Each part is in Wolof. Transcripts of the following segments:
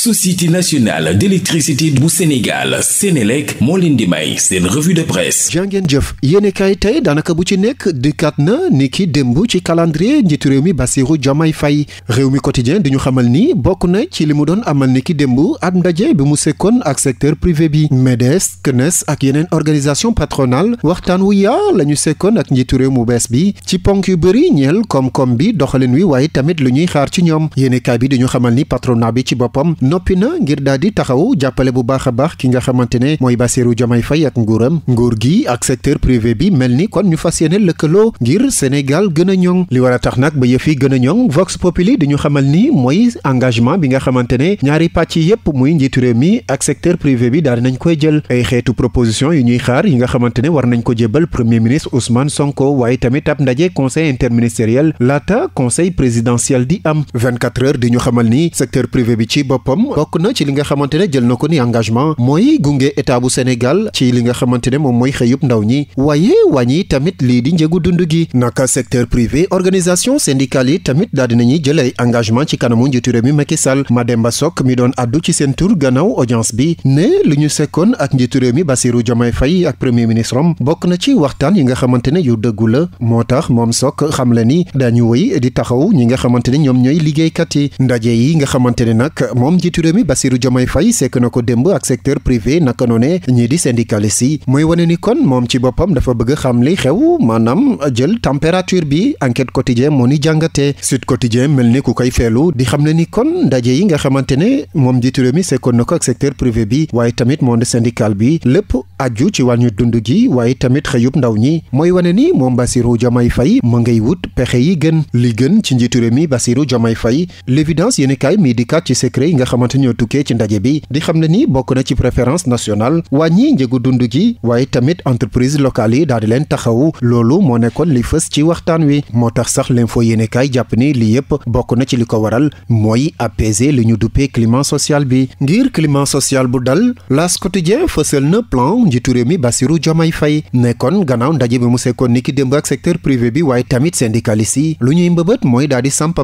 société nationale d'électricité bu Sénégal Sénélec moo leen di may seen revue de presse jàngeen jëf yéenekaay tey daanaka bu ci nekk dikkaat na ni ki démb ci calendrier njiitu réew mi basiiru Diomaye fay réew mi quotidien di ñu xamal ni bokk na ci li mu doon amal ni ki démb at ndaje bi mu sekkoon ak secteur privé bi MEDES CNES ak yeneen organisation patronale waxtaan wu yaa la ñu sekkoon ak njiitu réew mu bees bi ci ponk yu bëri ñeel koom-koom bi doxalin wi waaye tamit lu ñuy xaar ci ñoom yéenekaay bi di ñu xamal ni patronat bi ci boppam noppi na ngir daal di taxaw jàppale bu baax a baax ki nga xamante ne mooy Bassirou Diomaye Faye ak nguuram nguur gi ak secteur privé bi mel ni kon ñu fas yéene lëkkaloo ngir Sénégal gën a ñoŋ li war a tax nag ba yëf yi gën a ñoŋ Vox Populi di ñu xamal ni mooy engagement bi nga xamante ne ñaari pàcc yépp muy njiitu réew mi ak secteur privé bi daal nañ koy jël ay xeetu proposition yi ñuy xaar yi nga xamante ne war nañ ko jébal premier ministre Ousmane Sonko waaye tamit ab ndaje conseil interministériel laata conseil présidentiel di am 24 heures di ñu xamal ni secteur privé bi ci boppam moom bokk na ci li nga xamante ne jël na ko ni engagement mooy gunge état bu Sénégal ci li nga xamante ne moom mooy xëyub ndaw ñi waaye wàññi tamit lii di njëgu dund gi naka secteur privé organisation syndicale yi tamit daal dinañuy jël ay engagement ci kanamu njiitu réew mi ma Sall Mademba Sock mi doon addu ci seen tur gannaaw audience bi ne lu ñu sekkoon ak njiitu réew mi Bassirou Diomaye Faye ak premier ministre am bokk na ci waxtaan yi nga xamante ne yu dëggu la moo tax moom Sock xam le ni dañu wëy di taxaw ñi nga xamante ne ñoom ñooy liggéeykat yi ndaje njiitu réew mi Bassirou Diomaye fay sekk na ko démb ak secteur privé naka noone ñii di syndicaliste yi mooy wane ni kon moom ci boppam dafa bëgg xam li xew maanaam jël température bi enquête quotidien moo ni jàngatee Sud Quotidien mel ni ku koy feelu di xam ne ni kon ndaje yi nga xamante ne moom njiitu réew mi sekkoon na ko ak secteur privé bi waaye tamit monde syndical bi lépp aju ci wàññu dund gi waaye tamit xëyub ndaw ñi mooy wane ni moom Bassirou Diomaye fay mu ngay wut pexe yi gën li gën ci njiitu réew mi Bassirou Diomaye Faye l'évidence yéen kaay mii di kat ci yi nga xam xamante ñoo tukkee ci ndaje bi di xam ne ni bokk na ci préférence nationale wàññi njëgu dund gi waaye tamit entreprise locale yi daal di leen taxawu loolu moo nekkoon li fës ci waxtaan wi moo tax sax l'info yéenekaay jàpp ni li yépp bokk na ci li ko waral mooy apaiser li ñu duppee climat social bi ngir climat social bu dal L'As Quotidien fësal na plan njiitu réew mi Bassirou Diomaye Faye nekkoon gannaaw ndaje bi mu sekkoon ni ki démb ak secteur privé bi waaye tamit syndicaliste yi lu ñuy mbëbët mooy daal di samp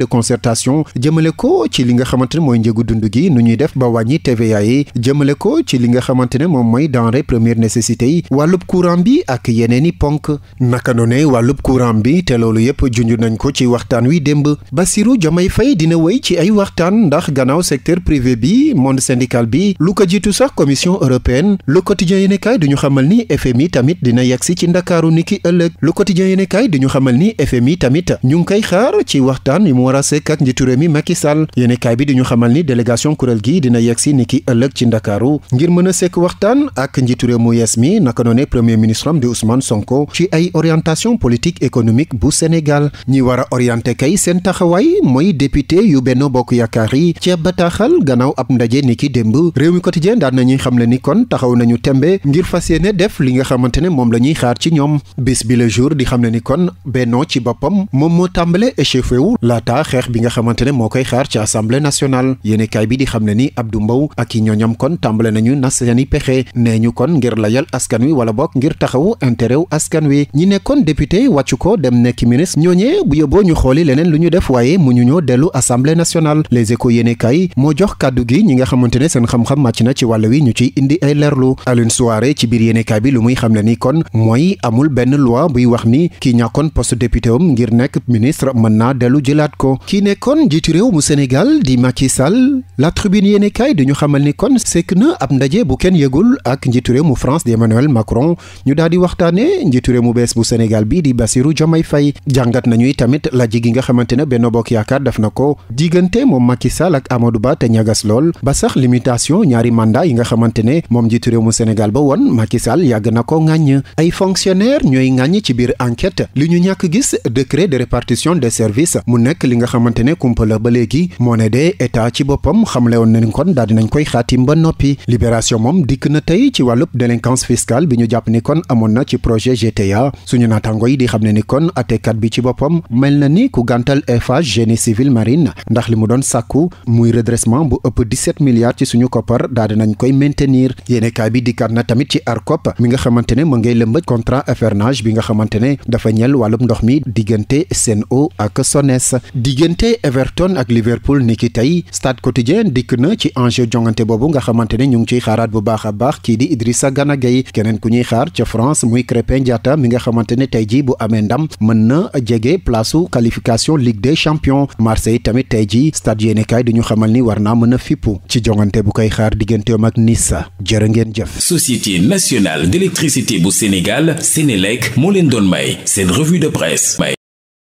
de concertation jëmale ko ci li nga xamante njëgu dund gi nu ñuy def ba wàññi TVA yi jëmale ko ci li nga xamante ne moom mooy denrée première nécessité yi wàllub courant bi ak yeneen i ponk naka noone wàllub courant bi te loolu yëpp junj nañ ko ci waxtaan wi démb Bassirou Diomaye Faye dina wéy ci ay waxtaan ndax gannaaw secteur privé bi monde syndical bi lu ko jiitu sax commission européenne Le Quotidien yéenekaay du ñu xamal ni FMI tamit dina yegsi ci ndakaaru niki ëllëg Le Quotidien yéenekaay du ñu xamal ni FMI tamit ñu ngi koy xaar a xamal délégation kuréel gi dina yegsi ni ki ëllëg ci ndakaaru ngir mën a sekk waxtaan ak njiitu réew mu yees mi naka noone premier ministre am di Ousmane Sonko ci ay orientation politique économique bu Sénégal ñi war a orienté kay seen taxawaay mooy député yu Benno Bokk Yaakaar yi ci bataaxal gannaaw ab ndaje ni ki démb réew mi quotidien daan nañuy xam le ni kon taxaw nañu tembe ngir fas yéene def li nga xamante ne moom la ñuy xaar ci ñoom bis bi la jour di xam ne ni kon Benno ci boppam moom moo tàmbale échauffé wu laata bi nga xamante ne moo koy xaar ci assemblée nationale yéenekaay bi di xam ne ni Abdou Mbow ak i ñooñam kon tàmbale nañu nas pexe nee ñu kon ngir layal askan wi wala bokk ngir taxawu intérêt wu askan wi ñi nekkoon député wàccu ko dem nekki ministre ñooñee bu yóbboo ñu xooli leneen lu ñu def waaye mu ñu ñoo dellu assemblée nationale les échos yéenekaay moo jox kàddu gi ñi nga xamante ne seen xam-xam na ci wàll wi ñu ciy indi ay leerlu Alioune Souaré ci biir yéenekaay bi lu muy xam ne ni kon mooy amul benn loi buy wax ni kii ñàkkoon poste député am ngir nekk ministre mën naa dellu jëlaat ko kii nekkoon njiitu réew mu Sénégal di Macky Sénégal la tribune yéene kaay dañu xamal ni kon sekk na ab ndaje bu kenn yëgul ak njiitu réew mu France di Emmanuel Macron ñu daal di waxtaane njiitu réew mu bees bu Sénégal bi di Bassirou Diomaye Faye jàngat nañuy tamit la ji gi nga xamante ne benn Bokk Yaakaar daf na ko diggante moom Macky Sall ak Amadou Ba te ñagas lool ba sax limitation ñaari mandat yi nga xamante ne moom njiitu réew mu Sénégal ba woon Macky Sall yàgg na ko ŋàññ ay fonctionnaire ñooy ŋàññ ci biir enquête li ñu ñàkk gis décret de répartition des services mu nekk li nga xamante ne kumpa la ba boppam xamle woon nañ kon daal dinañ koy xaatim ba noppi libération moom dikk na tey ci wàllub délinquance fiscale bi ñu jàpp ni kon amoon na ci projet GTA suñu naataango di xam ne ni kon atekat bi ci boppam mel na ni ku gàntal Eiffage génie civil marine ndax li mu doon sàkku muy redressement bu ëpp milliards ci suñu koppar daal dinañ koy maintenir yéenekaay bi dikkaat na tamit ci ARCOP mi nga xamante ne mu ngay lëmbëj contrat affermage bi nga xamante quotidien dikk na ci enjeu jongante boobu nga xamante ne ñu ngi ciy xaaraat bu baax a baax kii di Idrissa Gana Gueye keneen ku ñuy xaar ca France muy Crépin Diatta mi nga xamante ne tey ji bu amee ndam mën na jege placeu qualification Ligue des champions Marseille tamit tey ji stade yéenekaay du ñu xamal ni war naa mën a fippu ci jongante bu koy xaar digganteem ak Nissa jërë ngeen jëf Société nationale d'électricité bu Sénégal Sénélec moo leen doon may seen revue